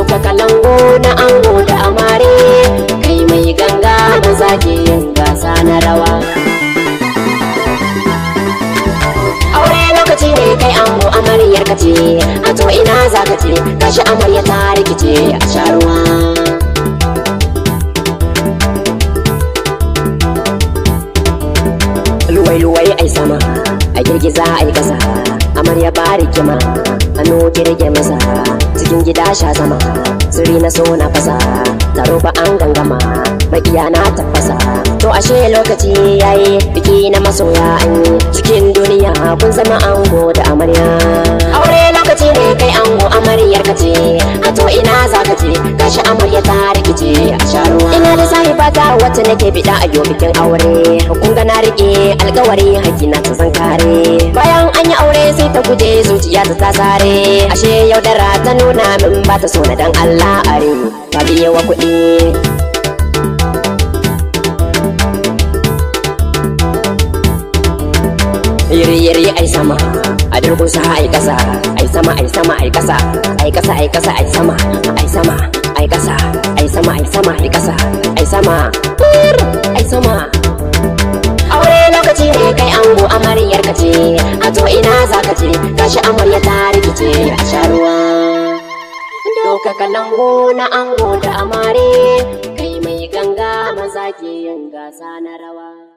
sauka kalango na ango da amare kai mai ganga na zage yin gasa na rawa aure lokaci ne kai ango amaryar ka ce a to ina za ka ce kashi amarya ta rikice a sharuwa luwai-luwai ai sama a girgiza ai kasa amarya ba rikima hannu girge masa cikin gida sha zama siri na so na fasa taro ba an gangama makiya na tafasa to ashe lokaci yayi biki na masoya an yi cikin duniya kun zama ango da amarya aure lokaci ne kai ango amaryar ka ce a to ina za ka je kashi amarya ta rikice a sharuwa ina da sahiba fata wacce nake bida a yau bikin aure kun ga na rike alkawari hakina ta zan kare an aure sai ta guje zuciya ta sare ashe yaudara ta nuna min ba ta so na dan Allah are ba biye wa kuɗi yiri yiri ai sama a sa ai kasa ai sama ai sama ai kasa ai kasa ai kasa ai sama ai sama ai kasa ai sama ai sama ai kasa ai sama ai sama aure lokaci ne kai ango amaryar ka ce Ka ce gashi amarya ta rikice a sha ruwa ɗaukaka na ango da amare kai mai ganga maza ke yin gasa na rawa